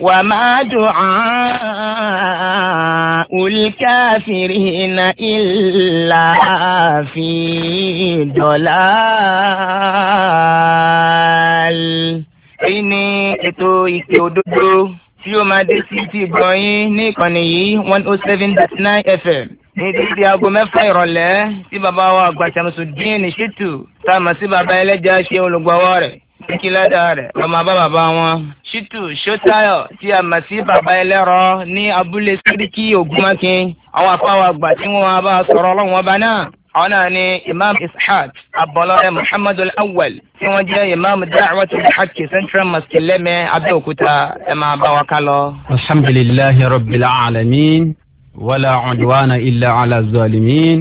وما دعاء الكافرين إلا في ضلال èyí ni ètò ìpè òdodo tí ó máa dé sí ti oh fm ní dídí aago mẹ́fà ìrọ̀lẹ́ tí bàbá wa àgbà Ṣàmùsùdín Ṣítù tá a mọ̀ sí bàbá ẹlẹ́jà ṣe olùgbọ́wọ́ rẹ̀ kíládà rẹ̀ ọmọ bá bàbá wọn. ṣítù ṣótáyọ̀ tí a mọ̀ sí bàbá ẹlẹ́rọ ní abúlé síríkì ògúnmọ́kin àwọn afáwọn àgbà tí wọ́n bá sọ̀rọ̀ ọlọ́run ọba náà. àwọn náà ni imam ishaq abọlọrẹ muhammadu awwal tí wọ́n jẹ́ imam da'watul haqq central mosque lẹ́mẹ̀ abẹ́òkúta ẹ̀ máa bá wa ká lọ. alhamdulilayi rabbil alamin wala cudwana illa ala zalimin.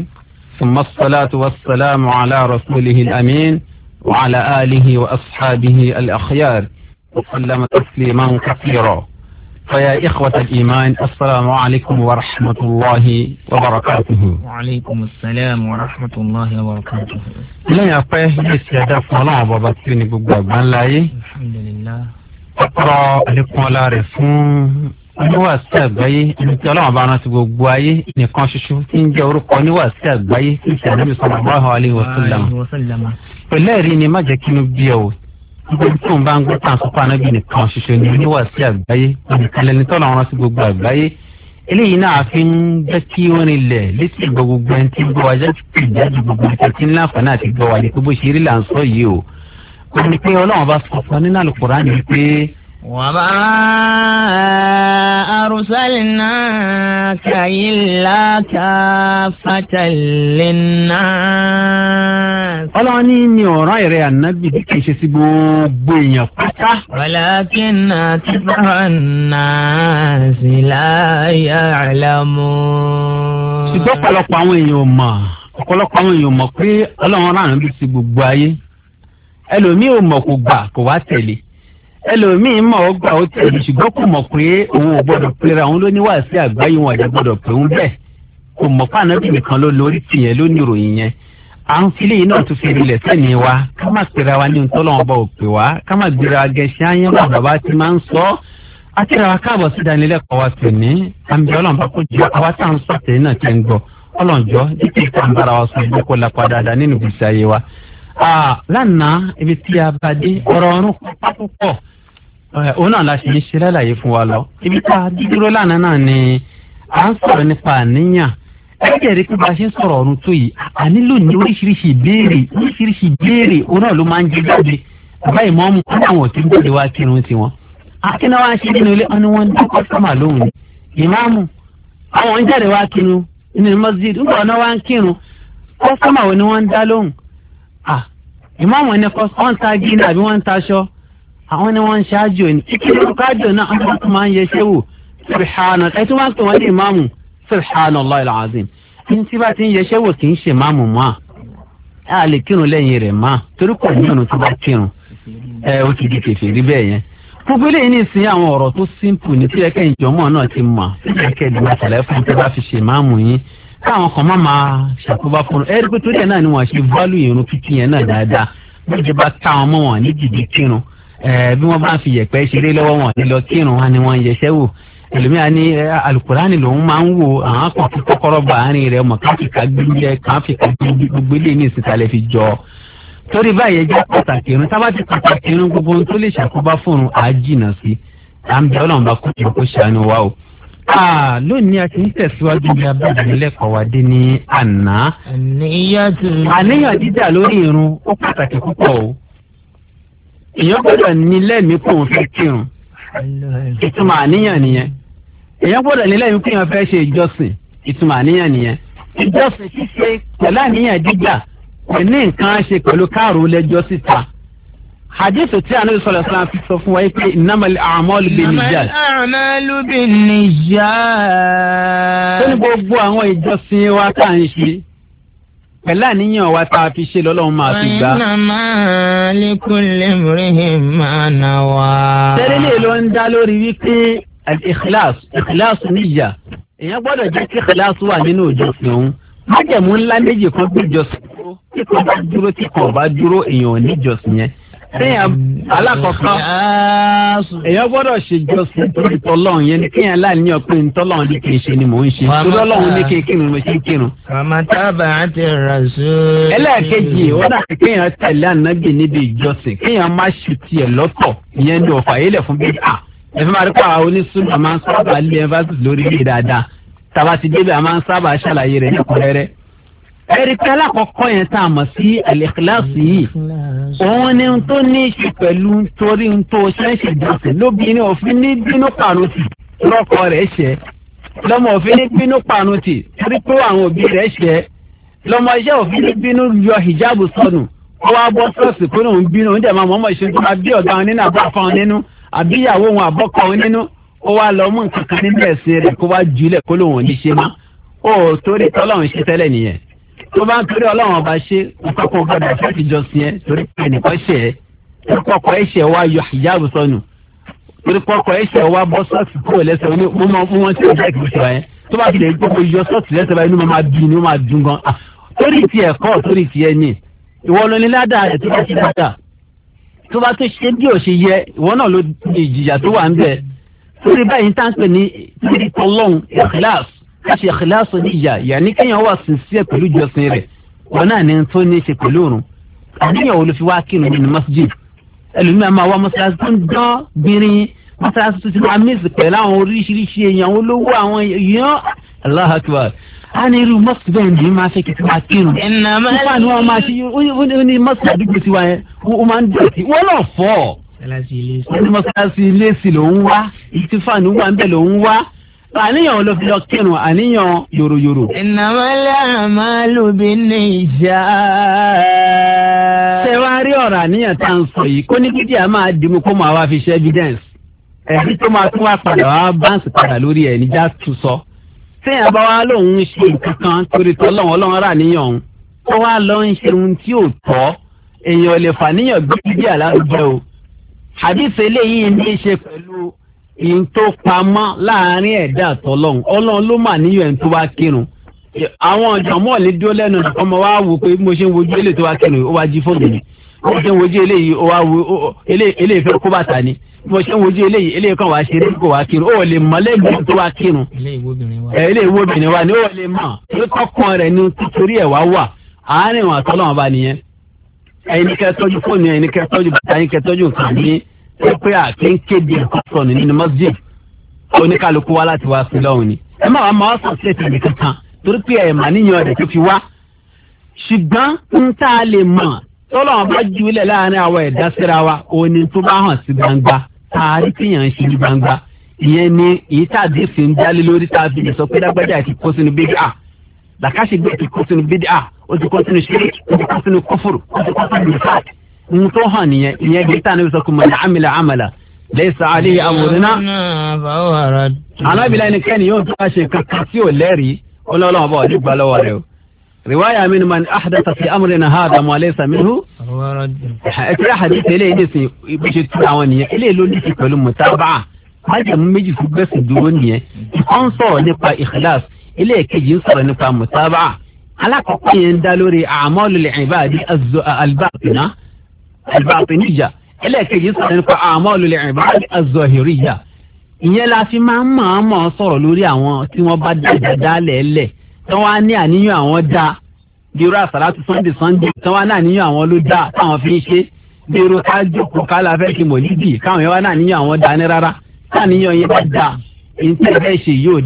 ثم الصلاة والسلام على رسوله الأمين وعلى آله وأصحابه الأخيار وسلم تسليما كثيرا فيا إخوة الإيمان السلام عليكم ورحمة الله وبركاته وعليكم السلام ورحمة الله وبركاته لا يفعل يسيادة فلا وبسيني بقبان لاي الحمد لله أقرأ لكم لا رسول oníwàásù àgbáyé ẹni tí ọlọ́run bá rántí gbogbo ayé nìkan ṣoṣo tí ń jẹ́ orúkọ oníwàásù àgbáyé tí ìṣàlẹ́bí sallallahu alaihi wasallam. pẹ̀lú ẹ̀rí ni má jẹ́ kí inú bí ẹ o nítorí tí òun bá ń gbé tàn sọ́kọ́ anábì nìkan ṣoṣo ni oníwàásù àgbáyé nìkan lẹni tí ọlọ́run rántí gbogbo àgbáyé. eléyìí náà fi ń jẹ́ kí ó rinlẹ̀ létí gbogbo ẹni tí gbọ́ وما أرسلناك إلا كافة للناس ọlọ́run ní ní ọ̀rọ̀ ẹ̀rẹ́ ànábì tí kìí ṣe sí gbogbo èèyàn pátá. walakin akthara nnasi la ya'lamun. ṣùgbọ́n ọ̀pọ̀lọpọ̀ àwọn èèyàn mọ̀ ọ̀pọ̀lọpọ̀ àwọn èèyàn mọ̀ pé ọlọ́run rán ànábì sí gbogbo ayé ẹlòmíì ò mọ̀ kò gbà kò wá tẹ̀lé ẹlòmíín mọ̀ ọ́ gbà ó tẹ̀lé ṣùgbọ́n kò mọ̀ pé òun ò gbọ́dọ̀ pera òun ló ní wàásù àgbáyé wọn àjà gbọ́dọ̀ pé òun bẹ́ẹ̀ kò mọ̀ fáànàbì nìkan ló lórí tìyẹn ló ní ìròyìn yẹn à ń fi léyìn náà tún fi rinlẹ̀ sẹ́ni wa ká má pera wa ní ntọ́lọ́wọ́n bá ò pè wá ká má gbéra gẹ̀ẹ́sì ayé wa bàbá ti máa ń sọ àtẹ̀rẹ̀ wa káàbọ̀ sí ìdánilẹ́kọ̀ọ́ wa tẹ̀ lánàá ibi tí a bá dé ọ̀rọ̀ ọ̀run púpọ̀ òun náà la ṣe ń ṣe lálàyé fún wa lọ ibi tá a dúró lánàá náà ni à ń sọ̀rọ̀ nípa àníyàn ẹ jẹ́rìí pé bá a ṣe ń sọ̀rọ̀ ọ̀run tó yìí a nílò ní oríṣiríṣi ìbéèrè oríṣiríṣi ìbéèrè òun náà ló máa ń jẹ jáde bàbá ìmọ̀ọ́mù kí àwọn òtí ń jáde wá kírun tiwọn akínà wa ń ṣe nínú ilé wọn ni wọ́n ń dá kọ́sọ́mà lóhùn ni ìmáàmù àwọn ń jáde wá kírun nínú mọ́sídìí nígbà wọn wá ń kírun kọ́sọ́mà wo ni wọ́n ń dá lóhùn ìmáàmù ah, ẹni kọ́ wọ́n ń ta gíní àbí wọ́n ń taṣọ àwọn ni wọ́n ń ṣáájú ẹni kíkí ló kájọ náà àwọn tó máa ń yẹ ṣéwù subhana ẹ tí wọ́n pè wọ́n ní ìmáàmù subhanallahi alazim ní tí bá ti ń yẹ ṣéwù kì í ṣe máàmù mọ́ a lè kírun lẹ́yìn rẹ̀ mọ́ torí kò ní ọ̀nà tó bá kírun ẹ ó ti di kèfè rí bẹ́ẹ̀ yẹn gbogbo eléyìí ní ìsìn àwọn ọ̀rọ̀ tó simple ní tí ẹ̀kẹ́ ìjọmọ́ náà ti mọ̀ ẹ̀kẹ́ ìdìbò àtàlẹ́ fún tó bá fi ṣe máàmù yín káwọn kan má máa ṣàkóbá fún un ẹ rí i pé torí ẹ náà ni wọn ṣe válù ìrun kíkí yẹn náà dáadáa bí ìjọba káwọn mọ wọn ní jìbì kírun bí wọn bá fi yẹ̀pẹ̀ ṣeré lọ́wọ́ wọn nílọ kírun wọn ni wọn ń yẹsẹ wò ẹlòmíà ni alukurani lòun máa ń wò àwọn kan fi kọ́kọ́rọ́ bá àárín rẹ̀ mọ kàn fi ká gbígbẹ kàn fi ká gbogbo ilé ní ìsìtalẹ fi jọ torí báyìí ẹjẹ pàtàkì irun tábàtì pàtàkì irun gbogbo ohun tó lè ṣàkóbá fún un àá jìnnà sí à ń bẹ Ọlọ́run bá kó ìyókù ṣàánú wa o aa ah, lónìí a ti ń tẹ̀síwájú bí abájáde lẹ́kọ̀ọ́ wa dé ní àná. àníyàn tó. àníyàn dídà lórí irun ó pàtàkì púpọ̀ o. èèyàn gbọ́dọ̀ ní lẹ́mìí kó òun fẹ́ kírun. ìtumọ̀ àníyàn nìyẹn. èèyàn gbọ́dọ̀ ní lẹ́mìí kó òun fẹ́ ṣe ìjọsìn. ìtumọ̀ àníyàn nìyẹn. ìjọsìn ṣíṣe pẹ̀lú àníyàn dídà kò ní nǹkan ṣe pẹ̀lú káàró lẹ́jọ́ síta hadith tí a níbi sọlọ sọlá sọ fún wa yìí pé namal amalu bin nija. namal amalu bin nija. tó ní gbogbo àwọn ìjọsìn wa tá à ń ṣe pẹ̀lú àníyàn wa tá a fi ṣe lọ́lọ́run máa fi gbà. innama likulli imri'in ma nawa. tẹ́lẹ̀lẹ́ ló ń dá lórí wípé al-ikhlas ikhlas níyà èèyàn gbọ́dọ̀ jẹ́ kí ikhlas wà nínú ìjọsìn òun májẹ̀mú ńlá méjì kan gbé ìjọsìn dúró tí kò bá dúró tí kò bá dúró èèyàn ò ní ìjọsìn yẹn téèyàn alákọ̀ọ́kọ́ èèyàn gbọ́dọ̀ ṣèjọsìn lórí tọ́lọ́run yẹn kéèyàn láàní ọ̀pìn tọ́lọ́run ní kì í ṣe ni mò ń ṣe tọ́lọ́run ní kì í kírun mo ṣe ń kírun. kàmátábà àti rasul. ẹlẹ́ẹ̀kejì ó dàbí kéèyàn tẹ̀lé ànábì níbi ìjọsìn kéèyàn má ṣù tiẹ̀ lọ́tọ̀ ìyẹn ní ọ̀fà yẹlẹ̀ fún bíi à ẹ̀fẹ́ máa rí pa onísùnà máa ń sábà lé emphasis lórí ilé dáadáa tàbá débẹ̀ máa ń sábà ṣàlàyé rẹ̀ ní ọ̀rẹ́rẹ́ ẹ̀rí pé alákọ̀ọ́kọ́ yẹn tá a mọ̀ sí àlẹ́kíláàsì yìí òun ni tó ní í ṣe pẹ̀lú torí tó ṣẹ́ṣẹ̀ jọ̀sìn lóbìnrin òfin ní bínú pàánù tì lọ́kọ rẹ̀ ṣẹ́ lọ́mọ òfin ní bínú pàánù tì torí pé àwọn òbí rẹ̀ ṣẹ́ lọ́mọ iṣẹ́ òfin ní bínú yọ hijab sọnù ó wá bọ́ sọ́ọ̀sì pé òun bínú òun dẹ̀ máa mọ̀ọ́mọ̀ ṣe tó máa bí ọ̀gá wọn nínú àbá fún wọn nínú àbí ìyàwó wọn àbọ́kọ wọn nínú ó wá lọ mú nǹkan kan nínú ẹ̀sìn rẹ̀ kó wá jùlẹ̀ kó lóun ò ní ṣe mọ́ ó torí tọ́lọ́run ṣe tẹ́lẹ̀ nìyẹn tó bá ń torí ọlọ́run ọba ṣe ìkọ̀kọ̀ gbọ́dọ̀ àti ìjọsìn ẹ torí pé nìkan ṣe ẹ ìkọ̀kọ̀ ẹ̀ṣẹ̀ wa yọ hijab sọnù torí kọ̀kọ̀ ẹ̀ṣẹ̀ wa bọ́ sọ́ọ̀sì kúrò lẹ́sẹ̀ wọn mo mọ fún wọn tí ó jẹ́ kí n ṣe wáyé tó bá tilẹ̀ gbogbo yọ sọ́ọ̀sì lẹ́sẹ̀ báyìí inú máa bí inú máa dùn gan ah, torí tiẹ̀ kọ́ torí tiẹ̀ ni ìwọ ló ní ládàá rẹ̀ tó bá ti dáadáa tó bá tó ṣe bí ò ṣe yẹ ìwọ náà ló ní ìjìyà tó wà ń bẹ̀ torí báyìí táǹpẹ̀ ní torí tọ́lọ́hún ìkíláàsì ṣe ìkìláàsù ní ìyá yàní kéèyàn wà sincere pẹ̀lú ìjọsìn rẹ̀ wọn náà ní tó ní ṣe pẹ̀lú òrùn àníyàn wo ló fi wá kírun nínú masjid ẹlòmíràn máa wá mọ́ṣáláṣí tó ń dán gbinrin mọ́ṣáláṣí tó ti máa mísì pẹ̀lú àwọn oríṣiríṣi èèyàn olówó àwọn èèyàn Allahu Akbar a ní irú mọ́sí bẹ́ẹ̀ ni máa fẹ́ kí máa máa ń fún àwọn máa ṣe ó ní mọ́sí àdúgbò tiwa yẹn ó máa ń dọ̀tí wọ́n lọ fọ́ àníyàn ló fi lọ kírun àníyàn yòròyòrò. ìnáwálẹ̀ àmàlù bí ní ìjà. ṣé wàá rí ọ̀rọ̀ àníyàn tá à ń sọ yìí kó ní kíkí à máa dìmú kó máa wá fi ṣe evidence. ẹ̀rí tó máa tún wá padà wá báǹsì padà lórí ẹ̀ níjà tún sọ. sẹ́yìn bá wa lòun ń ṣe nǹkan kan torí tọ́ lọ́wọ́ lọ́wọ́ rà níyàn òun. tó wá lọ ń ṣe ohun tí ò tọ́ èèyàn lè fà níyàn gbé kíkí àlárúgbó o. àdìsẹ́ eléyìí ní í ṣe pẹ̀lú ìyẹn tó pamọ́ láàrin ẹ̀dá àtọ́lọ́hún ọlọ́run ló mà níyọ̀ ẹni tó bá kírun àwọn ọ̀jọ̀mọ́ lè dúró lẹ́nu ọmọ wa wò pé bí mo ṣe ń wojú eléyìí tó wá kírun ó wá jí fóònù mi bí mo ṣe ń wojú eléyìí ó wá wo eléyìí fẹ́ kó bàtà ni bí mo ṣe ń wojú eléyìí eléyìí kan wá ṣe eré kó wá kírun ó lè mọ̀ lẹ́gbẹ̀ẹ́ tó wá kírun eléyìí wo obìnrin wa ni ó lè mọ̀ ló tọkàn rẹ̀ ni torí ẹ̀ wá wà àárín àwọn àtọ́lọ́wọ́n bá nìyẹn ẹ̀yin kẹ́ tọ́jú fóònù ẹ pé àti ń kéde ẹ̀kọ́ sọ̀nù nínú masjid oníkàlùkù wa láti wá sí lọ́hùn ni ẹ má wàá máa sọ sí ètò nìkan kan torí pé ẹ̀ mà níyàn rẹ̀ tó fi wá ṣùgbọ́n ń tá a lè mọ̀ tọ́lọ́wọ́n bá ju ilẹ̀ láàrin àwọn ẹ̀dá síra wa òní tó bá hàn sí gbangba tààrí kéèyàn ń ṣe ní gbangba ìyẹn ni èyí tàdé fi ń dálé lórí tá a fi lè sọ pé lágbájá ti kó sínú bídíà làkàṣègbè ti kó sínú bídíà ó ti kó sínú ṣírí ó ti kó sínú kófòrò ó ti kó sínú ìfáàtì ohun tó hàn nìyẹn ìyẹn bí tàn níbi sọkùn mọ̀nà àmìlà àmàlà lẹ́sà àlẹ́ àmúrinà. alábìlẹ̀ ẹnikẹ́ni yóò tó ṣe kankan tí ò lẹ́rìí ọlọ́run ọba ọdún gbà lọ́wọ́ rẹ o. riwaya min man ahdatha fi amrina hadha ma laysa minhu. ẹ ti àhàdí tẹ́lẹ̀ ilé sìn ibi ṣe tún àwọn nìyẹn ilé ló ní ti pẹ̀lú mutaba májàmú méjì fún gbẹ̀sìn dúró nìyẹn. ìkan sọ̀rọ̀ nípa ikhlas ilé ìkejì ń sọ̀rọ̀ nípa mutaba. alákọ̀ọ́kọ́ yẹn ń dá lórí a'malul ibadi al-batina albatiniya ẹlẹ́ẹ̀kejì sọ̀rọ̀ nípa amalul ibad az-zahiriya ìyẹn la fi máa ń mọ̀ ọ́n mọ̀ ọ́n sọ̀rọ̀ lórí àwọn tí wọ́n bá dàgbà dálẹ̀ lẹ̀ tí wọ́n á ní àníyàn àwọn dá bírú àsàlátù sunday sunday tí wọ́n á ní àníyàn àwọn ló dá táwọn fi ń ṣe bírú ká jókòó ká la fẹ́ kí mọ̀lídì káwọn yẹn wá ní àníyàn àwọn dání rárá káàníyàn yẹn bá dá ní tí ẹ ṣe yóò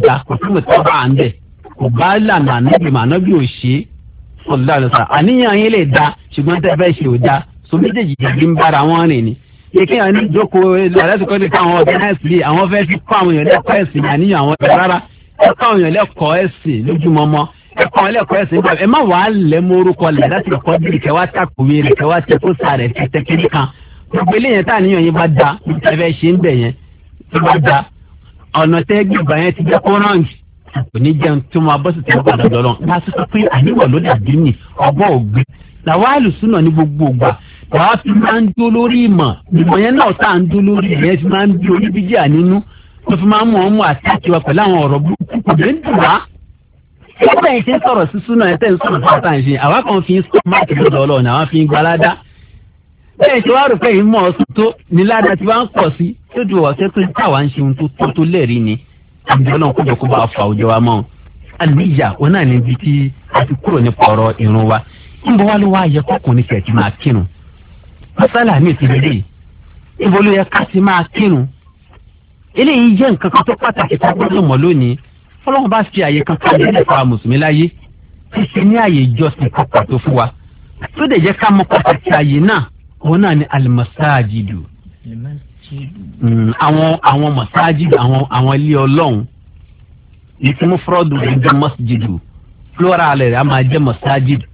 dá kò so méjèèjì jẹ̀bi ń bára wọn rìn ni èké yẹn ní ìjókòó lọ́dẹ́sìkọ́ ní káwọn ọ̀dẹ́ náà sí àwọn fẹ́ fi kọ́ àwọn èèyàn lẹ́kọ̀ọ́ ẹ̀sìn àníyàn àwọn ọ̀dẹ́ rárá ẹ kọ́ àwọn èèyàn lẹ́kọ̀ọ́ ẹ̀sìn lójúmọmọ ẹ kọ́ lẹ́kọ̀ọ́ ẹ̀sìn nípa ẹ má wàá lẹ́ mọ́ orúkọ lẹ̀ láti kọ́ bíi kẹwà takùwé rẹ̀ kẹwà tẹkọ́sà rẹ̀ tẹtẹkẹ́ kan gbogbo eléyẹn tá àníyàn yín bá da ẹ̀fẹ̀ ṣe ń bẹ̀ yẹn tó bá da ọ̀nà tẹ́ wàá fi máa ń dó lórí ìmọ̀ ìmọ̀ yẹn náà tá à ń dó lórí ìyẹn fi máa ń bí oníbíjà nínú wọ́n fi máa ń mọ̀ ọ́n àtàkì wa pẹ̀lú àwọn ọ̀rọ̀ burúkú kò dé ń dùn wá. ẹgbẹ́ yìí ṣe ń sọ̀rọ̀ sísú náà ẹ̀ tẹ́ ń sọ̀rọ̀ fún àtàǹṣe àwa kan fi ń sọ máàkì lọ́dọ̀ ọlọ́run àwa fi ń gbalada. bẹ́ẹ̀ ṣe wá rò pé ìmọ̀ ọ̀sùn tó ní ládàá ti wá ń pọ̀ sí lójú ọ̀sẹ̀ tó táwa ń ni àbújọ náà kójọ kó bá a fa òjò wa mọ́ àníyà òun náà níbi tí a ti kúrò nípa ọ̀rọ̀ ìrun wa ń wá ló wá yẹ kọ́kùnrin kẹ̀ máa kírun masala mi ti dìde níbo ló yẹ ká ti máa kírun eléyìí jẹ́ nǹkan kan tó pàtàkì tó gbọ́dọ̀ mọ̀ lónìí fọlọ́run bá fi àyè kan kalẹ̀ nípa mùsùlùmí láyé títí ní àyè ìjọsìn kan pàtó fún wa tó dẹ̀ jẹ́ ká mọ̀ pàtàkì àyè náà òun náà ni alimasajidu hmm, àwọn àwọn masajidu àwọn àwọn ilé ọlọ́run ìtumú fúrọ́dù gbẹgbẹ́ masjidu plural rẹ̀ a máa jẹ́ masajidu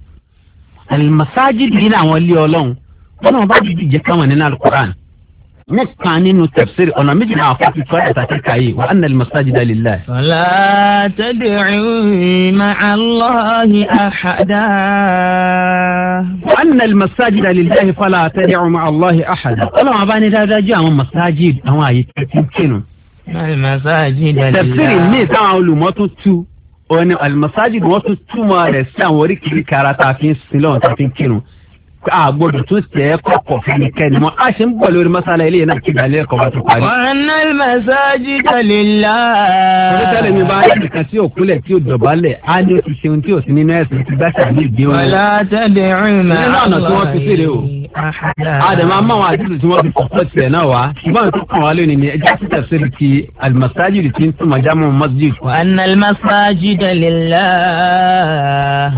alimasajidu yìí ní àwọn ilé ọlọ́run ọlọ́run bá dìbò ìjẹ́ káwọn nínú alukur'an mẹ́kan nínú tẹ̀síìrì ọ̀nà méjì náà fún ti tọ́lá ìtàkì káyé wa anna al-masajida lillahi. fala tad'u ma'a Allahi ahada. wa anna al-masajida lillahi fala tad'u ma'a Allahi ahada. ọlọ́run abáni dáadáa jẹ́ àwọn masajid àwọn àyè tuntun kínú. al-masajida lillahi. tẹ̀síìrì ní ìtàn olùmọ́tò tu òní al-masajid wọ́n tún túmọ̀ rẹ̀ sí àwọn oríkìrí kára tá a fi ń sin lọ́wọ́ tá a fi ń kírun. a gbọ́dọ̀ tún tẹ ẹ kọ́kọ́ fẹ́nikẹ́ni a ṣe ń bọ̀ lórí masala ilé náà kí balẹ̀ ẹ̀kọ́ tó parí. wàhánà masaji kalila. olùtẹ̀lé mi bá yẹ nìkan tí ò kúnlẹ̀ tí ò dọ̀bálẹ̀ á ní oṣù ṣeun tí ò sí nínú ẹ̀sìn ti gbàtà ní ìgbéwọ̀n. wàlá tẹ̀lé ìrìn náà. nínú ọ̀nà tí wọ́n fi sílẹ̀ o àdàmà máa wọn àdúrà tí wọn fi kọ́kọ́ tiẹ̀ náà wá ṣùgbọ́n tó kàn wá lónìí ni ẹjẹ́ ti tafsir ti alimasajid ti ń túmọ̀ jámọ̀ masjid. anna almasajid lillah.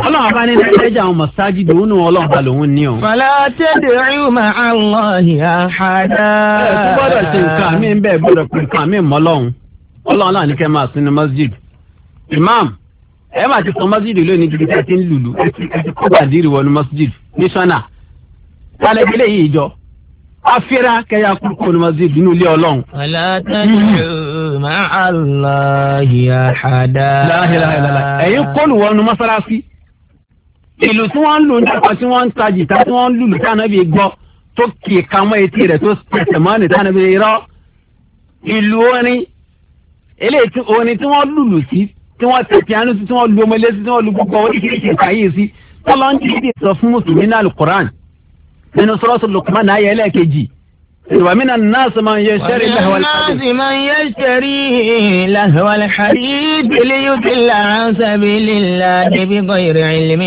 ọlọ́run bá ní ẹjẹ́ àwọn masajid òun ni ọlọ́run bá lòun ní o. fala tad'u ma'a Allahi ahada. ẹ tó gbọ́dọ̀ ṣe nǹkan mi ń bẹ́ẹ̀ gbọ́dọ̀ pé nǹkan mi mọ́ lọ́hùn ọlọ́run náà ní kẹ́ máa sin masjid. imam ẹ máa ti sọ masjid lónìí gidi tí a ti ń lùlù ẹ ti kó gbàdírì wọnú masjid ní sọ́nà tálẹ́gbẹ́lẹ́ yìí jọ afira kẹyà kúrúkú ni masjid nínú ilé Ọlọ́run. wàlá tẹ́lẹ̀ máa láàyè àhàdá. láhìláhìláhà ẹ̀yin kọ́nù wọnú mọ́sálásí. ìlú tí wọ́n ń lù nípa tí wọ́n ń ta jìtá tí wọ́n ń lùlù tí ànábì gbọ́ tó kì í ka mọ́ etí rẹ̀ tó tẹ̀sẹ̀ mọ́ ní tí ànábì rọ́. ìlú orin eléyìí tí orin tí wọ́n lùlù sí tí wọ́n tẹ̀ pianu sí tí wọ́n lu ọmọlé sí tí wọ́n lu gbogbo oríṣiríṣi ìkàyè sí tọ́lọ́ ń من سورة اللقمان آية لا كيجي ومن إيوة، الناس من يشتري له الناس من يشتري له الحديد ليضل عن سبيل الله بغير علم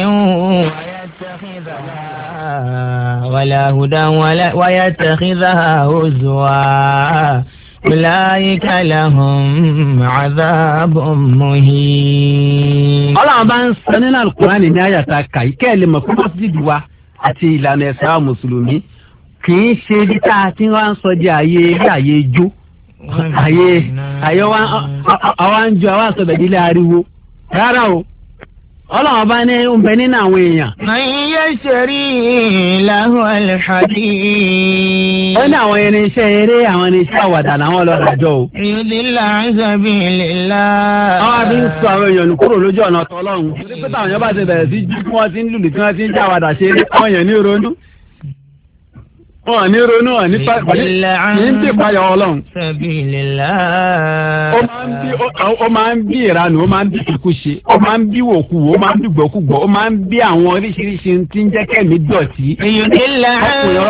ولا هدى ولا ويتخذها هزوا أولئك لهم عذاب مهين. الله أبان سنين القرآن نهاية تاكاي كلمة في مسجد واحد àti ìlànà ẹ̀sìn àwọn mùsùlùmí kì í ṣe bí tá a ti wá ń sọ di àyè ilé àyè ijó àyè àyè àwa ń jó àwa sọ̀bẹ̀ nílé ariwo rárá o. ọlọ́run bá ní ń bẹ nínú àwọn èèyàn. màyíyá ṣẹ̀rí ìlàhùn alhàdí. ó ní àwọn irinṣẹ́ eré àwọn irinṣẹ́ àwàdà làwọn ọlọ́dàjọ́ o. ìdílé ilé la. àwọn àbí ń sọ àwọn èèyàn kúrò lójú ọ̀nà tọ́lọ́run. èèyàn bá ti bẹ̀rẹ̀ sí jí wọ́n ti ń lùlù wọ́n ti ń wọn ní ronú wọn ní ní payọ Ọlọ́run. ó máa ń bí ìranù ó máa ń bí ìkúṣe ó máa ń bí wòkúwò ó máa ń bí gbòkúgbò ó máa ń bí àwọn oríṣiríṣi tí ń jẹ́ kẹ́mi dọ̀tí. ọkùnrin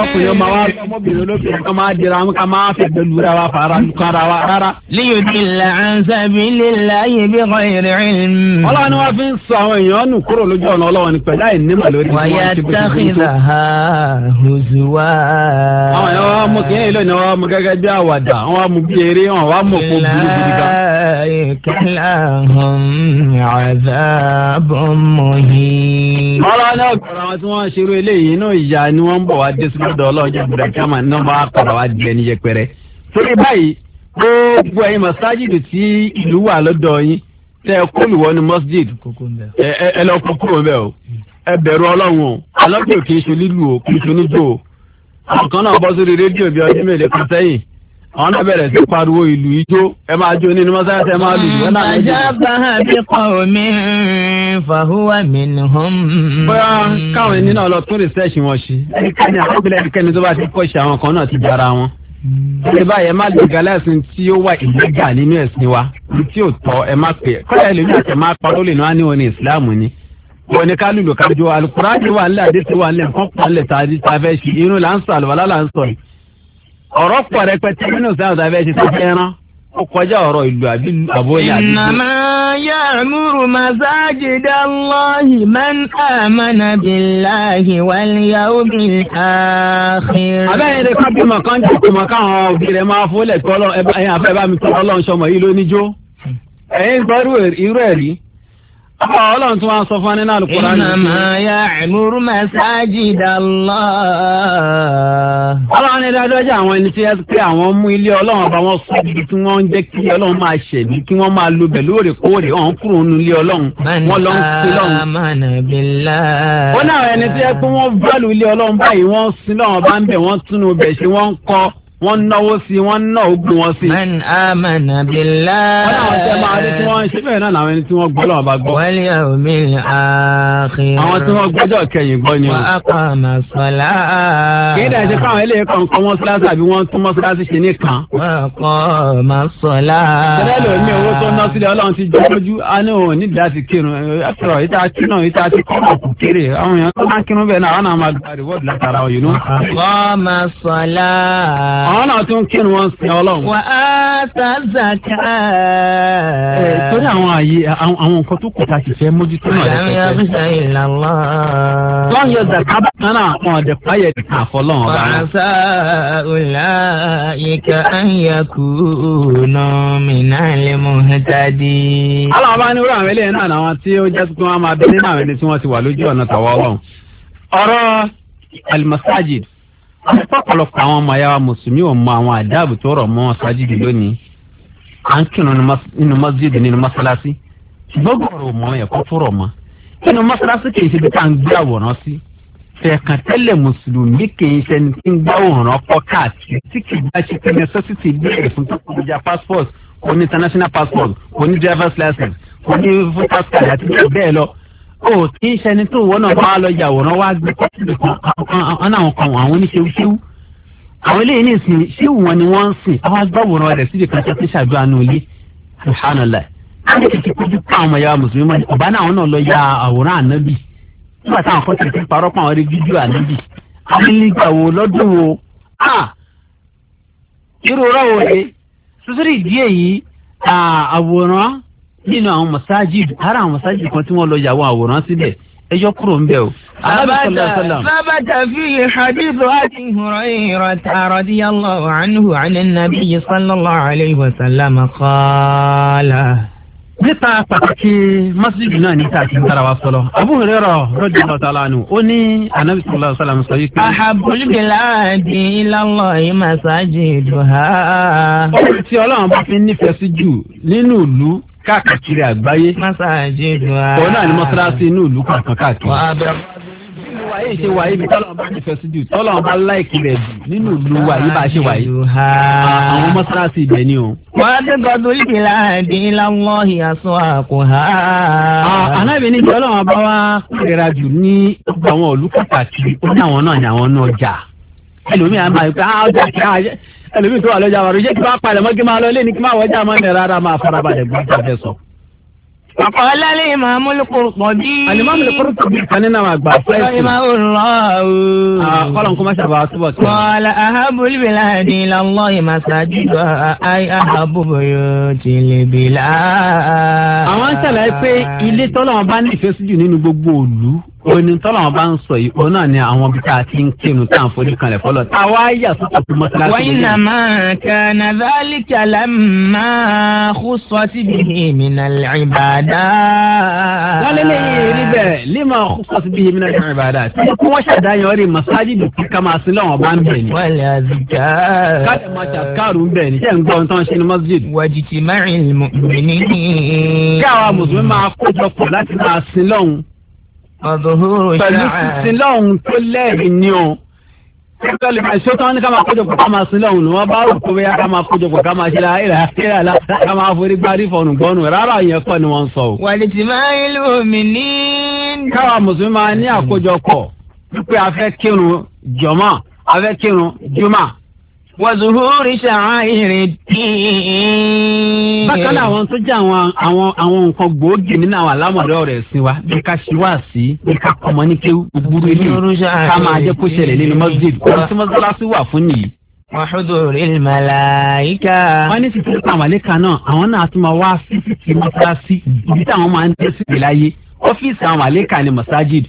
ọkùnrin ọmọ wa ọmọbìnrin olóbìnrin ọmọ adìrẹ àwọn kan máa fẹ́ pẹ̀lú ra wa fara nǹkan ra wa rárá. liyudilla an sabilillahi bi ghayri ilm. Ọlọ́run ni wọ́n fi ń sọ àwọn èèyàn nù kúrò lójú ọ̀nà Ọlọ́run àwọn yẹn wàá mú kínní lónìí wàá mú gẹ́gẹ́ bí àwàdà wàá mú bí eré wọn wàá mú kó burú gidi kan. kẹlẹ́ ọ̀hún àzàbọ̀ mọ̀hí. ọlọ́run náà kọ̀ọ̀rọ̀ àwọn tí wọ́n ń ṣerú eléyìí inú ìyá ni wọ́n ń bọ̀ wá dé sílẹ̀ dọ̀ ọlọ́run jẹ́ bùrẹ̀ kámà náà bá kọ̀ọ̀rọ̀ wá di ẹni yẹpẹrẹ. torí báyìí gbogbo ẹ̀yin mọ̀sájìdì tí ìlú wà lọ́dọ̀ yín tẹ kóòlù wọnú mọ́sídìd ẹ lọ kókó bẹ́ẹ̀ o ẹ bẹ̀rù ọlọ́run o alábòrò kì í ṣe lílù o kì í ṣe oníjó o àwọn kan náà bọ́ sórí rédíò bíi ọdún mélòó kan sẹ́yìn àwọn náà bẹ̀rẹ̀ sí pariwo ìlú ijó ẹ máa jó nínú mọ́sáàsì ẹ máa lù ú náà lẹ́yìn. bí kò mí fàhùwà mi nìhùn. bóyá káwọn ẹni náà lọ tún rìsẹ́ẹ̀sì wọn ṣe ẹnikẹ́ni àkọsílẹ̀ ẹnikẹ́ni tó bá ti kọ́ ṣe àwọn kan náà ti dára wọn. ṣé báyìí ẹ má lè ga lẹ́sìn tí ó wà ìlẹ́gà nínú ẹ̀sìn wa tí ò tọ́ ẹ má pè é kọ́lá ẹ lè ní àtẹ̀ má lè ní wá ní wọ́n ní ká lùlù kájọ alukurani wà nílẹ̀ àdé tí wà nílẹ̀ nǹkan kan lẹ̀ tá a fẹ́ ṣe irun là ń sọ àlùwàlá là ń sọ yìí ọ̀rọ̀ pọ̀ rẹpẹtẹ nínú sáyẹn tá a tó jẹ́ ẹran ó kọjá ọ̀rọ̀ ìlú àbí àbóyá àbí. ìnàmá ya'muru masajida Allahi man amana billahi wal yawmil akhir. abẹ́rẹ́ rẹ̀ ká bímọ kan jẹ́ kùmọ̀ káwọn òbí rẹ̀ máa fọ́lẹ̀ tọ́lọ́ ẹ̀yìn afẹ́ bá mi tọ́lọ́ ń ṣọmọ yìí lóníjó ẹ̀yìn gbọ́rú irú ẹ̀rí Ọlọ́run tí wọ́n sọ fún wa nínú àlùkòrá yìí. Inna ma ya'muru masajida Allah. Ọlọ́run ní dájọ́jà àwọn ẹni tí ẹ pé àwọn mú ilé Ọlọ́run ọba wọn sọ ibi tí wọ́n ń jẹ́ kí Ọlọ́run máa ṣẹ̀bi kí wọ́n máa lo bẹ̀lú òrèkóòrè ọ̀hún kúrò nínú ilé Ọlọ́run. Wọ́n lọ ń sin lọ́run. Ó náà ẹni tí ẹ pé wọ́n bá lu ilé Ọlọ́run báyìí wọ́n sin lọ́run bá ń bẹ̀ wọ́n túnú bẹ̀ ṣe wọ́n ń kọ́ wọ́n náwó sí wọ́n ná ogun wọn sí. man amana billah. wọ́n náà ṣe máa rí tí wọ́n ṣe bẹ́ẹ̀ náà làwọn ẹni tí wọ́n gbọ́ lọ́wọ́ bá gbọ́. wal yawmil akhir. àwọn tí wọ́n gbọ́dọ̀ kẹyìn gbọ́ ni o. wa aqama salah. kì í dàjẹ́ káwọn ilé kan kọ́ mọ́ṣáláṣí àbí wọ́n tún mọ́ṣáláṣí ṣe nìkan. wa kọ́ àwọn náà tún kírun wọn sin ọlọ́run. wà á ta zaka. ẹ torí àwọn àyè àwọn nǹkan tó kù ta sì fẹ́ mójútó náà rẹ pẹpẹ. àmì sẹ́yìn lọ́lá. wọ́n yọ zaka bákan náà àwọn ọ̀dẹ̀ páyẹ̀ ti kà fọlọ́run ọba. wàásà ọ̀la ìka àyàkú náà mìíràn lè mú hẹ́tàdí. aláwọ̀ ní wúrọ̀ àwọn eléyìí náà làwọn tí ó jẹ́ tuntun wọn máa bẹ nínú àwọn ẹni tí wọ́n ti wà lójú ọ̀nà tàwọn ọlọ́run. ọ̀rọ̀ alimasajid ọ̀pọ̀lọpọ̀ àwọn ọmọ ayáwa mùsùlùmí ò mọ àwọn àdáàbò tó rọ̀ mọ́ sájídì lónìí à ń kírun nínú mọ́sídìí nínú mọ́sálásí ṣùgbọ́n gbọ́dọ̀ mọ ẹ̀kọ́ tó rọ̀ mọ́ nínú mọ́sálásí kì í ṣe bí ká ń gbé àwòrán sí fẹ̀ẹ̀kan tẹ́lẹ̀ mùsùlùmí kì í ṣe ti ń gbá àwòrán kọ́ káàkiri tí kì í bá ṣe pé necessity bíi fún tó kọjá passport international passport kò ní driver's license kò ní voters card o kì í ṣẹni tó wọ́n náà wá lọ yàwòrán wá gbé pọ́tìlì kan àwọn kan àwọn oníṣẹ́wúṣẹ́wú àwọn eléyìí ní ìsìn ṣéwù wọn ni wọ́n ń sìn àwọn agbáwòrán rẹ̀ síbi kan tó ti ṣàdúrà nù ilé alhamdulilah láti kìkì kójú pa àwọn ọmọ yàrá mùsùlùmí mọ́ni ọ̀bá náà náà lọ ya àwòrán ànábì nígbà táwọn kan ti parọ́ pa àwọn rí fídíò ànábì àwọn nígbà wo lọ́dún wo irú rẹ̀ wo ni sísírì díẹ̀ yìí àwòrán nínú àwọn masajid ara àwọn masajid kan tí wọ́n lọ yàwó àwòrán síbẹ̀ ẹjọ́ kúrò ń bẹ̀ o. ثبت في حديث أبي هريرة رضي الله عنه عن النبي صلى الله عليه وسلم قال nípa pàtàkì masjid náà ní tààtì tara wa fọlọ Abu Hurairah radiyallahu ta'ala anhu ó ní anabi sallallahu alaihi wasallam sọ yìí pé. ahabul biladi ila Allahi masajiduha. ó ti ọlọ́run bá fi nífẹ̀ẹ́ sí jù nínú ìlú káàkiri àgbáyé. mọ́sáàjì dùn á. òun náà ni mọ́sálásí inú ìlú kọ̀ọ̀kan káàkiri. wọ́n á bẹ̀rù wáyé ṣe wáyé bí tọ́lọ́mọba ní fẹ̀sídìí tọ́lọ́mọba láìkí rẹ̀ jù nínú ìlú bá ṣe àwọn mọ́sálásí ibẹ̀ ni o. ha. kúrẹ́ra jù ní àwọn ó ní àwọn ẹlòmíì tó wà lọ́jà wa ròjẹ́ kí máa palẹ̀ mọ́ kí máa lọ ilé ni kí máa wọ́jà máa nẹ̀ rárá máa farabalẹ̀ gbọ́n tá sọ. Àkọọ́lá lè máa mú lùkùrùkùn bí. Àlìmọ́ mi lùkùrù tó bí kan nínú àgbà fẹ́ẹ̀sì. Kọ́lọ̀ nǹkan ṣàbà túbọ̀ tó. Kọ́lá ahábùlì bìlà ni lọ́lọ́ ìmàṣáájú lọ ayé ahábùbọ̀ yóò ti lè bìlà. Àwọn ń ṣàlàyé pé ilé tọ́lọ́wọ́n bá ní ìfẹ́ síjù nínú gbogbo òlu òní tọ́lọ́wọ́n bá ń sọ yìí òun náà ni àwọn bí tá a ti ń kéwòn tá à ń forí kanlẹ̀ fọlọ́ tá a wá yà sọ́tọ̀ fún mọ́sálásí. wọ́n iná máa kana dhalika lamma khussat bihi minal ibadat. wọ́n lé lẹ́yìn rí bẹ́ẹ̀ lima khussat bihi minal ibadat. kí wọ́n ṣàdáyàn rí masáájì dùkú ká máa sin lọ́wọ́n bá ń bẹ̀ ni. wọ́n lè ká pẹ̀lú sísílọ́hún tó lẹ́ẹ̀mí ni o pẹ̀lú àìsótán ní ká máa kójọ ká máa sílọ́hún ni wọ́n bá rò pé bóyá ká máa kójọ ká máa ṣe láìra kíra la ká máa forí gbárí fọ̀nù gbọ́nù rárá yẹn kọ́ ni wọ́n sọ o. wàlẹ̀ tí máa ń lò mí ní. káwa mùsùlùmí máa ní àkójọpọ̀ wípé a kírun jọ̀mọ́ a kírun jùmọ̀ wàzúhúrì ṣàáìrì dín. bákan náà àwọn tó jẹ́ àwọn àwọn àwọn nǹkan gbòógì nínú àwọn alámọ̀dọ́ rẹ̀ sí wa bí ká ṣíwáàsí bí ká kọ́mọ ní kéwú gbúrú ilé ká máa jẹ́ kó ṣẹlẹ̀ nínú masjid kó tí mọ́sálásí wà fún nìyí wàhùdùrì màláìka. wọ́n ní títí táwọn àlékà náà àwọn náà tún máa wá sí títí mọ́sálásí ibi táwọn máa ń dé síbi láyé ọ́fíìsì àwọn àlékà ni masajid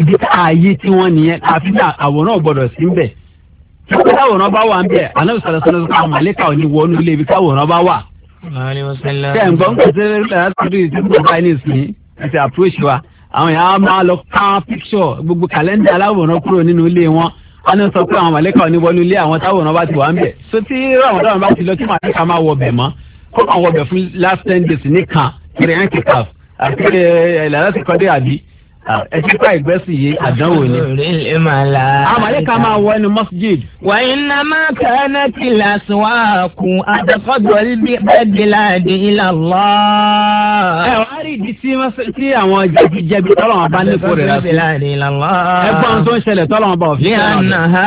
ibi tá ààyè tí wọ́n nìyẹn àfi táwòrán bá wà ń bẹ̀ àná ìsọ̀rọ̀ sọ̀rọ̀ sọ̀rọ̀ àwọn àlékà òní wọnú ilé ibi táwòrán bá wà. kẹ́ ǹgbọ́n ń pèsè àwọn yàrá máa ní wọnú ilé àwọn táwòrán bá ti wà ń bẹ̀ so tí àwọn táwọn bá ti lọ kí màlékà máa wọ bẹ̀ mọ́ kó wọ bẹ̀ fún last ten days nìkan kiri ẹ̀ ń kíkà àti ẹ̀ lásìkò dé àbí Ah, ẹtí ká ìgbẹ́sì yìí àdánwò ni. àmàlẹ́ ká máa wọ ẹnu masjid. wà iná máa kẹ́rẹ́ náà ti là síwáàkùn àtẹ̀kọ́dọ̀ bẹ́ẹ̀dìláàdì ilà lọ. ẹ wá rí ìdí tí àwọn jẹ̀bi tọ́lọ́wọ́n bá ní kórè rẹ̀ sí. ẹ gbọ́ ohun tó ń ṣẹlẹ̀ tọ́lọ́wọ́n bá òfin kan. yànnà ha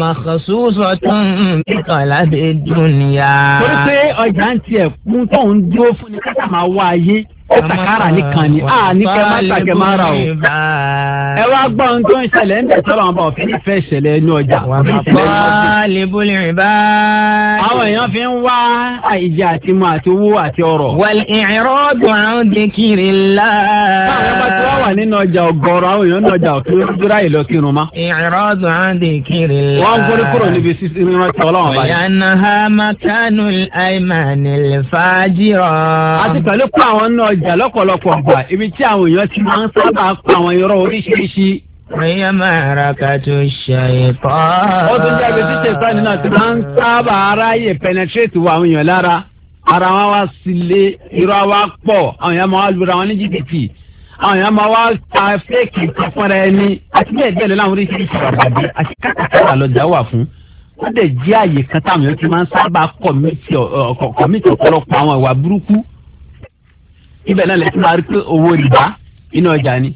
màkàsù sọ̀tún kíkànlá dé dúnìyà. torí pé ọjà ń tiẹ̀ kún tóun dúró fún ni ká sahara nìkan ni a ah, ní kẹ má ta kẹ má ra o. ẹ wá gbọ́ ohun tó ń ṣẹlẹ̀ ń tẹ̀sán àwọn ọba òfin ìfẹ́ ìṣẹ̀lẹ̀ inú ọjà. wà á fọ́ lébólè rìn báyìí wọ́n fi ń wá ìjà àti mọ àti owó àti ọrọ̀. wal i'radu an dhikrillah. báwọn bá ti wá wà nínú ọjà ọgọ́rọ̀ àwọn èèyàn náà ọjà òkè dúró kírun ma. i'radu an dhikrillah. wọ́n ń gbórí kúrò níbi sísè ìran tí ọlọ́run bá yẹ. yanha makanul aymanil fajira. àti pẹ̀lú pé àwọn náà ọjà lọ́pọ̀lọpọ̀ gbà ibi tí àwọn èèyàn ti máa ń sábà pa àwọn Ríyá máa ra kájú ṣàìtọ́. Ó tún jáde tí ṣèṣáàdì náà ti máa ń sábà aráyè penetrate wo àwọn èèyàn lára. Ara wọn wá sílé irọ́ wa pọ̀, àwọn èèyàn máa wá lura wọn ní jìbìtì. Àwọn èèyàn máa wá ta fẹ́ẹ̀kì fúnra ẹni. Àti bẹ́ẹ̀ bẹ́ẹ̀ lọ láwọn oríṣiríṣi àbàdé àti kátàkárà lọ́jà wà fún. Ó dẹ̀ jẹ́ àyè kan táwọn èèyàn ti máa ń sábà kọ̀mítì uh, uh, ọ̀pọ̀lọpọ̀ àwọn ìwà burúkú. Ibẹ̀ náà lè ni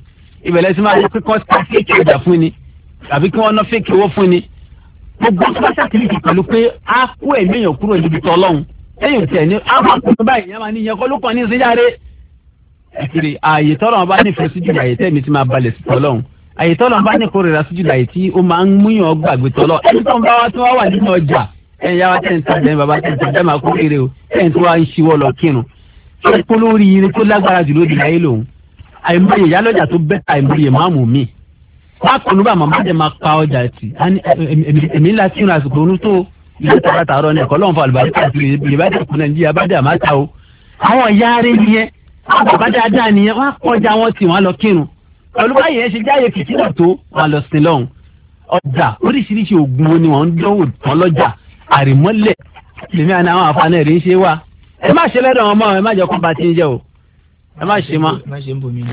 ìbẹ̀lẹ̀ sí máa yọ kíkọ́ fíkì ọjà fún ni tàbí kí wọ́n ná fíkì owó fún ni gbogbo pátákìlìkì pẹ̀lú pé a, kó ẹ̀mí èèyàn kúrò níbi tọ́ lọ́hùn lẹ́yìn tẹ̀ ní àwọn akọ̀tún báyìí yẹn máa ní ìyẹn kọ́ ló kàn ní ìsínyáre ẹ̀kiri ààyè tọ́lọ̀ bá nífẹ̀ẹ́ sí jùlọ àyè tẹ́mi ti máa balẹ̀ sí tọ́lọ́hún àyè tọ́lọ̀ bá ní kórìíra sí jùlọ àyè tí ó máa ń múyàn gbàgbé tọ́lọ̀ ẹni tó ń bá wa tí wọ́n wà nínú ọjà ẹ̀yin yàrá tẹ̀ ń ta jẹ́ bàbá tẹ̀ ń ta àìmọye ìyálọ́jà tó bẹ́ àìmọye máàmù mi bákan bá màmá jẹ máa pa ọjà tì èmi ńlá tí ìrìn àsìkò òun tó ìyá tààrà tààrọ ní ẹ̀kọ́ lọ́wọ́n fún àlùbáríkà àti ìrìbájà kù nàìjíríà bá dé àmàta o àwọn ìyá rẹ nìyẹn bàbá dáadáa nìyẹn wọn kọjá wọn tì wọn lọ kírun pẹ̀lú báyìí ẹ ṣe jáde kìkìlà tó wọn lọ sí lọ́hùn ọjà oríṣiríṣi oògùn wo ni wọn ń dánwò tán lọ́jà àrìmọ́lẹ̀ lèmi àná àwọn àfa náà rí ń ṣe wá ẹ má ṣe lẹ́dọ̀ ọmọ ẹ má jẹ́ kó ba ti ń jẹ́ o ẹ má ṣe ma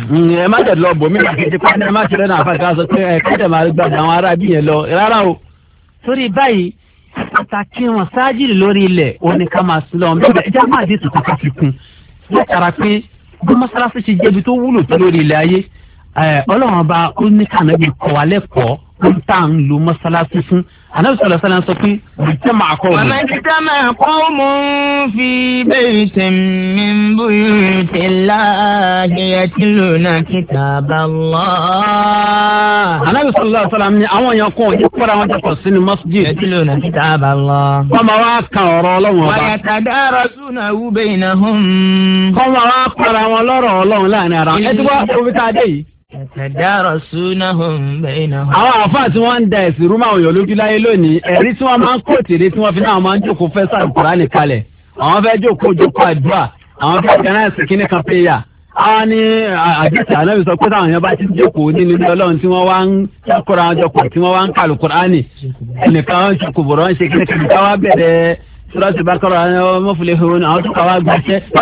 mm, ẹ má tẹ̀lé ọ̀bọ̀ mi láti ti pàdé ẹ má ṣe lẹ́nu àfàkà sọ pé ẹ kẹ́tẹ̀ máa gbàgbé àwọn ará bí yẹn lọ rárá o. torí báyìí pàtàkì wọn ṣáájì lórí ilẹ̀ òní máa sílọ̀ ọ̀n bẹ́ẹ̀ ẹja máa dé tuntun káfí kun látara pé bí mọ́sálásí ṣe jẹ́bi tó wúlò tó lórí ilẹ̀ ayé ọlọ́run ọba ó ní bí kọ́ wa lẹ́kọ̀ọ́ ń tà ń lo mọ́sálásí fún anabi sọlá sọlá sọ pé bìtẹ́ máa kọ́ wọn. wàmẹ́ títà máa mú fi bẹ́ẹ̀ tẹ̀ mí bóyá tẹ̀ láàyè tí ló náà kíkà bá lọ. anabi sọlá sọlá ní àwọn èèyàn kan yìí kọ́ra wọn jẹ́ kọ́ sínú masjid. yẹ tí ló náà kíkà bá lọ. kọ́mọ wa kan ọ̀rọ̀ ọlọ́run ọba. wàyà tàdá rasu náà wú bẹ́ẹ̀ náà hàn. kọ́mọ wa kọ́ra wọn lọ́rọ̀ ọlọ́run láàrin ara. ẹ àwọn àáfàá tí wọ́n ń da ẹ̀sìn rúmọ̀ àwọn èèyàn lójú láyé lónìí ẹ̀rí tí wọ́n máa ń kó tèrè tí wọ́n fi náà máa ń jókòó fẹ́ sáà kúránì kalẹ̀ àwọn fẹ́ jókòó jókòó àdúrà àwọn fẹ́ kẹrẹ́ ẹ̀sìn kíní kan péyà àwọn ní àdìsí ànábì sọ pé táwọn èèyàn bá ti jókòó nínú ilé ọlọ́run tí wọ́n wá ń kóra wọn jọ pọ̀ tí wọ́n wá ń kàlù kúránì ẹnìkan ń ṣe kòbòrò ń ṣe kíní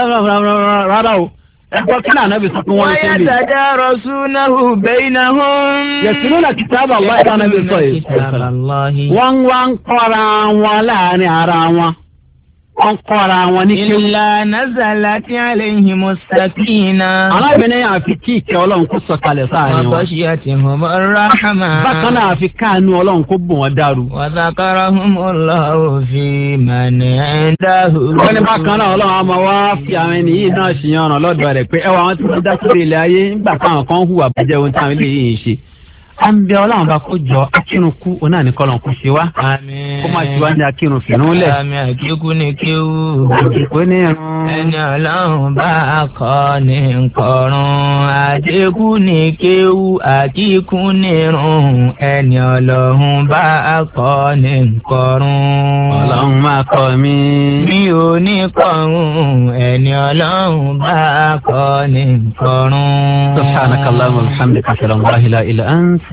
kan ẹgbọ́ kí náà nábì sọ fún wọn ṣe lè. wọ́n yàtọ̀ dárọ̀ súnáhù bainahum. yẹ̀sùn náà kìtàbà wáyé náà nábì sọ yìí. wọ́n wá ń kọ́ra wọn láàrin ara wọn wọ́n kọ́ra wọn ní ṣe. ìlànà zàlá tí a lè yin mo sàkínà. arábìnrin àfi kí ìkẹ́ ọlọ́run kó sọ̀kalẹ̀ sáàárín wọn. àbọ̀ṣe àti ọmọ rahama. bákan náà àfi káànú ọlọ́run kó bùn wọn dàrú. wàtàkàrà humnullahu fi màní ẹ̀ńdáhù. wọ́n ní bákan náà ọlọ́run àmọ́ wá fi àwọn ẹni yìí náà ṣìyàn ọ̀nà lọ́dọ̀ rẹ̀ pé ẹwà wọn ti dá sílẹ̀ ilé ayé ńgbà táwọn kan hùwà bàjẹ́ ohun táwọn a ń bẹ ọlọ́run bá kó jọ akínú kú oná ní kọ́lọ̀ kó ṣe wá. kó máa ṣe wá ní akínú fìrún lẹ̀. àmì àkíkú ni kíwú. àkíkú ni irun. ẹni ọlọ́run bá kọ́ ní nkọ́run. àdínkù ni kíwú àkíkú ni irun. ẹni ọlọ́run bá kọ́ ní nkọ́run. ọlọ́run máa kọ́ mi. mi ò ní kọ́run. ẹni ọlọ́run bá kọ́ ní nkọ́run. sọ́kànnà kàlámù alhamdulilayi la ilaha illa anta.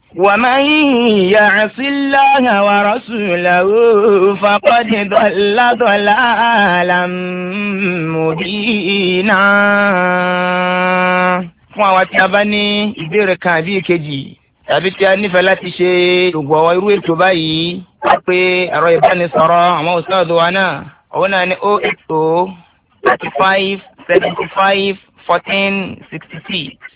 ومن يعص الله ورسوله فقد ضل ضلالا مبينا fún àwa tí a bá ní ìbéèrè kan àbí ìkejì tàbí tí a nífẹ̀ẹ́ láti ṣe gbogbo àwọn irú ètò báyìí wá pé ẹ̀rọ ìbánisọ̀rọ̀ àwọn òṣèlú wa náà òun náà ní oh eight oh thirty five seventy five fourteen sixty six.